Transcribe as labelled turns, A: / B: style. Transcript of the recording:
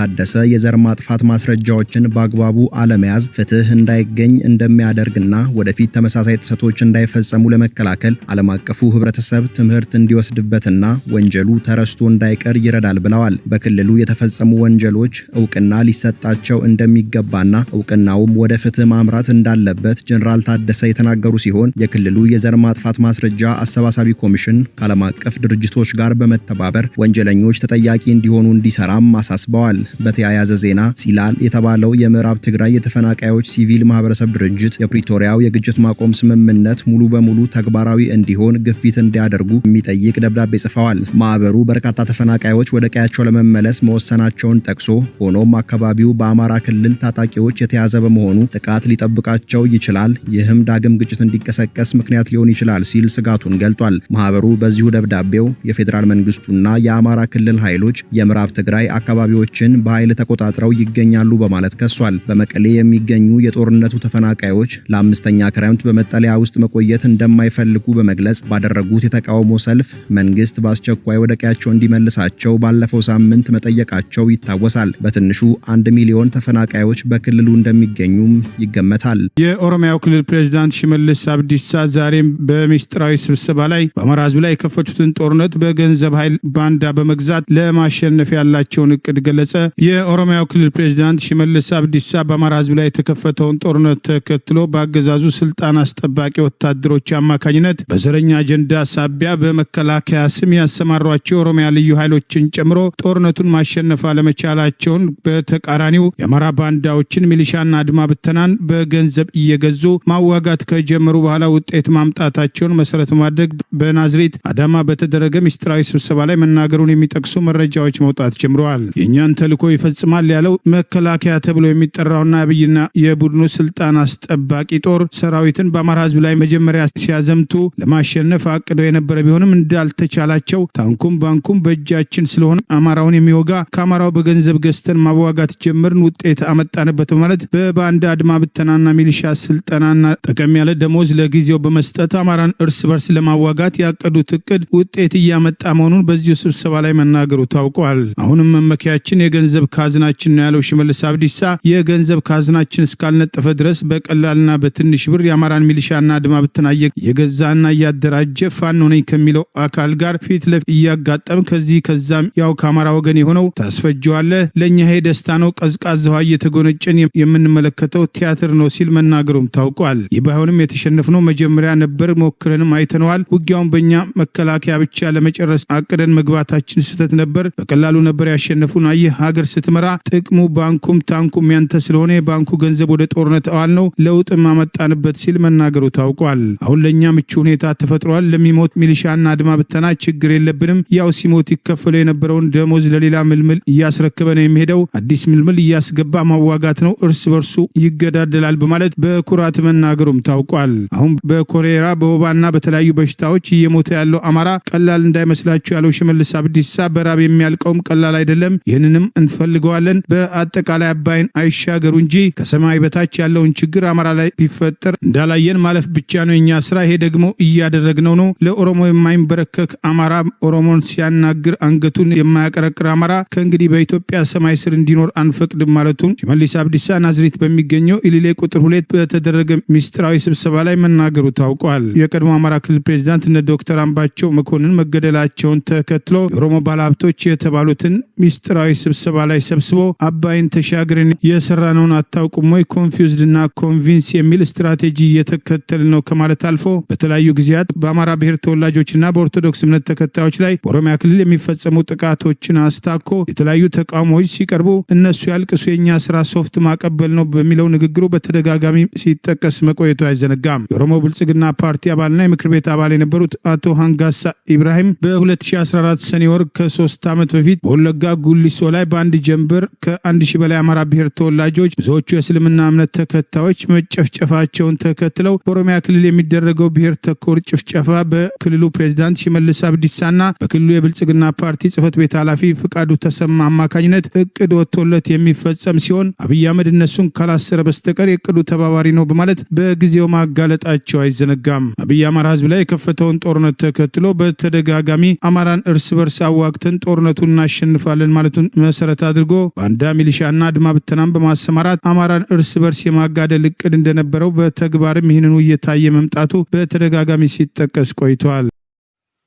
A: ታደሰ የዘር ማጥፋት ማስረጃዎችን በአግባቡ አለመያዝ ፍትህ እንዳይገኝ እንደሚያደርግና ወደፊት ተመሳሳይ ጥሰቶች እንዳይፈጸሙ ለመከላከል ዓለም አቀፉ ህብረተሰብ ትምህርት እንዲወስድበትና ወንጀሉ ተረስቶ እንዳይቀር ይረዳል ብለዋል። በክልሉ የተፈጸሙ ወንጀሎች እውቅና ሊሰጣቸው እንደሚገባና እውቅናውም ወደ ፍትህ ማምራት እንዳለበት ጀኔራል ታደሰ የተናገሩ ሲሆን የክልሉ የዘር ማጥፋት ማስረጃ አሰባሳቢ ኮሚሽን ከዓለም አቀፍ ድርጅቶች ጋር በመተባበር ወንጀለኞች ተጠያቂ እንዲሆኑ እንዲሰራም አሳስበዋል። በተያያዘ ዜና ሲላል የተባለው የምዕራብ ትግራይ የተፈናቃዮች ሲቪል ማህበረሰብ ድርጅት የፕሪቶሪያው የግጭት ማቆም ስምምነት ሙሉ በሙሉ ተግባራዊ እንዲሆን ግፊት እንዲያደርጉ የሚጠይቅ ደብዳቤ ጽፈዋል። ማህበሩ በርካታ ተፈናቃዮች ወደ ቀያቸው ለመመለስ መወሰናቸውን ጠቅሶ ሆኖም አካባቢው በአማራ ክልል ታጣቂዎች የተያዘ በመሆኑ ጥቃት ሊጠብቃቸው ይችላል፣ ይህም ዳግም ግጭት እንዲቀሰቀስ ምክንያት ሊሆን ይችላል ሲል ስጋቱን ገልጧል። ማህበሩ በዚሁ ደብዳቤው የፌዴራል መንግስቱና የአማራ ክልል ኃይሎች የምዕራብ ትግራይ አካባቢዎችን በኃይል ተቆጣጥረው ይገኛሉ በማለት ከሷል። በመቀሌ የሚገኙ የጦርነቱ ተፈናቃዮች ለአምስተኛ ክረምት በመጠለያ ውስጥ መቆየት እንደማይፈልጉ በመግለጽ ባደረጉት የተቃውሞ ሰልፍ መንግስት በአስቸኳይ ወደ ቀያቸው እንዲመልሳቸው ባለፈው ሳምንት መጠየቃቸው ይታወሳል። በትንሹ አንድ ሚሊዮን ተፈናቃዮች በክልሉ እንደሚገኙም ይገመታል።
B: የኦሮሚያው ክልል ፕሬዚዳንት ሽመልስ አብዲሳ ዛሬም በሚስጥራዊ ስብሰባ ላይ በአማራ ህዝብ ላይ የከፈቱትን ጦርነት በገንዘብ ኃይል ባንዳ በመግዛት ለማሸነፍ ያላቸውን እቅድ ገለጸ። የኦሮሚያው ክልል ፕሬዚዳንት ሽመልስ አብዲሳ በአማራ ህዝብ ላይ የተከፈተውን ጦርነት ተከትሎ በአገዛዙ ስልጣን አስጠባቂ ወታደሮች አማካኝነት በዘረኛ አጀንዳ ሳቢያ በመከላከያ ስም ያሰማሯቸው የኦሮሚያ ልዩ ኃይሎችን ጨምሮ ጦርነቱን ማሸነፍ አለመቻላቸውን፣ በተቃራኒው የአማራ ባንዳዎችን ሚሊሻና አድማ ብተናን በገንዘብ እየገዙ ማዋጋት ከጀመሩ በኋላ ውጤት ማምጣታቸውን መሰረት ማድረግ በናዝሬት አዳማ በተደረገ ሚስጥራዊ ስብሰባ ላይ መናገሩን የሚጠቅሱ መረጃዎች መውጣት ጀምረዋል። የእኛን ተልእኮ ይፈጽማል ያለው መከላከያ ተብሎ የሚጠራውና አብይና የቡድኑ ስልጣን አስጠባቂ ጦር ሰራዊትን በአማራ ህዝብ ላይ መጀመሪያ ሲያዘምቱ ለማሸነፍ አቅደው የነበረ ቢሆንም እንዳልተቻላቸው ታንኩም ባንኩም በእጃችን ስለሆነ አማራውን የሚወጋ ከአማራው በገንዘብ ገዝተን ማዋጋት ጀምርን ውጤት አመጣንበት በማለት በባንዳ አድማ ብተናና ሚሊሻ ስልጠናና ጠቀም ያለ ደሞዝ ለጊዜው በመስጠት አማራን እርስ በርስ ለማዋጋት ያቀዱት እቅድ ውጤት እያመጣ መሆኑን በዚሁ ስብሰባ ላይ መናገሩ ታውቋል። አሁንም መመኪያችን የገ የገንዘብ ካዝናችን ነው ያለው ሽመልስ አብዲሳ የገንዘብ ካዝናችን እስካልነጠፈ ድረስ በቀላልና በትንሽ ብር የአማራን ሚሊሻና አድማ ብተና የገዛና እያደራጀ ፋኖ ነኝ ከሚለው አካል ጋር ፊት ለፊት እያጋጠም ከዚህ ከዛም ያው ከአማራ ወገን የሆነው ታስፈጀዋለ ለእኛ ሄ ደስታ ነው፣ ቀዝቃዛዋ እየተጎነጨን የምንመለከተው ቲያትር ነው ሲል መናገሩም ታውቋል። ይህ ባይሆንም የተሸነፍነው መጀመሪያ ነበር፣ ሞክረንም አይተነዋል። ውጊያውን በእኛ መከላከያ ብቻ ለመጨረስ አቅደን መግባታችን ስህተት ነበር። በቀላሉ ነበር ያሸነፉን። አየህ ሀገር ስትመራ ጥቅሙ ባንኩም ታንኩም ያንተ ስለሆነ የባንኩ ገንዘብ ወደ ጦርነት አዋል ነው ለውጥም አመጣንበት ሲል መናገሩ ታውቋል። አሁን ለእኛ ምቹ ሁኔታ ተፈጥሯል። ለሚሞት ሚሊሻና አድማ ብተና ችግር የለብንም። ያው ሲሞት ይከፈለው የነበረውን ደሞዝ ለሌላ ምልምል እያስረክበ ነው የሚሄደው። አዲስ ምልምል እያስገባ ማዋጋት ነው፣ እርስ በርሱ ይገዳደላል በማለት በኩራት መናገሩም ታውቋል። አሁን በኮሌራ በወባና በተለያዩ በሽታዎች እየሞተ ያለው አማራ ቀላል እንዳይመስላችሁ ያለው ሽመልስ አብዲሳ በራብ የሚያልቀውም ቀላል አይደለም። ይህንንም እንፈልገዋለን። በአጠቃላይ አባይን አይሻገሩ እንጂ ከሰማይ በታች ያለውን ችግር አማራ ላይ ቢፈጠር እንዳላየን ማለፍ ብቻ ነው የኛ ስራ። ይሄ ደግሞ እያደረግነው ነው። ለኦሮሞ የማይንበረከክ አማራ፣ ኦሮሞን ሲያናግር አንገቱን የማያቀረቅር አማራ ከእንግዲህ በኢትዮጵያ ሰማይ ስር እንዲኖር አንፈቅድም ማለቱን ሽመልስ አብዲሳ ናዝሬት በሚገኘው ኢሊሌ ቁጥር ሁለት በተደረገ ሚስጥራዊ ስብሰባ ላይ መናገሩ ታውቋል። የቀድሞ አማራ ክልል ፕሬዚዳንት እነ ዶክተር አምባቸው መኮንን መገደላቸውን ተከትሎ የኦሮሞ ባለሀብቶች የተባሉትን ሚስጥራዊ ስብሰባ ስብሰባ ላይ ሰብስቦ አባይን ተሻግረን የሰራነውን አታውቁም ወይ ኮንፊውዝድና ኮንቪንስ የሚል ስትራቴጂ እየተከተል ነው ከማለት አልፎ በተለያዩ ጊዜያት በአማራ ብሔር ተወላጆችና በኦርቶዶክስ እምነት ተከታዮች ላይ በኦሮሚያ ክልል የሚፈጸሙ ጥቃቶችን አስታኮ የተለያዩ ተቃውሞዎች ሲቀርቡ እነሱ ያልቅሱ የእኛ ስራ ሶፍት ማቀበል ነው በሚለው ንግግሩ በተደጋጋሚ ሲጠቀስ መቆየቱ አይዘነጋም። የኦሮሞ ብልጽግና ፓርቲ አባልና የምክር ቤት አባል የነበሩት አቶ ሃንጋሳ ኢብራሂም በ2014 ሰኔ ወር ከሶስት ዓመት በፊት በወለጋ ጉሊሶ ላይ በአንድ ጀንበር ከአንድ ሺህ በላይ አማራ ብሔር ተወላጆች ብዙዎቹ የእስልምና እምነት ተከታዮች መጨፍጨፋቸውን ተከትለው በኦሮሚያ ክልል የሚደረገው ብሔር ተኮር ጭፍጨፋ በክልሉ ፕሬዚዳንት ሽመልስ አብዲሳና በክልሉ የብልጽግና ፓርቲ ጽህፈት ቤት ኃላፊ ፍቃዱ ተሰማ አማካኝነት እቅድ ወጥቶለት የሚፈጸም ሲሆን አብይ አህመድ እነሱን ካላሰረ በስተቀር የእቅዱ ተባባሪ ነው በማለት በጊዜው ማጋለጣቸው አይዘነጋም። አብይ አማራ ህዝብ ላይ የከፈተውን ጦርነት ተከትሎ በተደጋጋሚ አማራን እርስ በርስ አዋግተን ጦርነቱን እናሸንፋለን ማለቱን መሰረ መሰረት አድርጎ ባንዳ ሚሊሻና አድማ ብተናን በማሰማራት አማራን እርስ በርስ የማጋደል እቅድ እንደነበረው በተግባርም ይህንኑ እየታየ መምጣቱ በተደጋጋሚ ሲጠቀስ ቆይተዋል።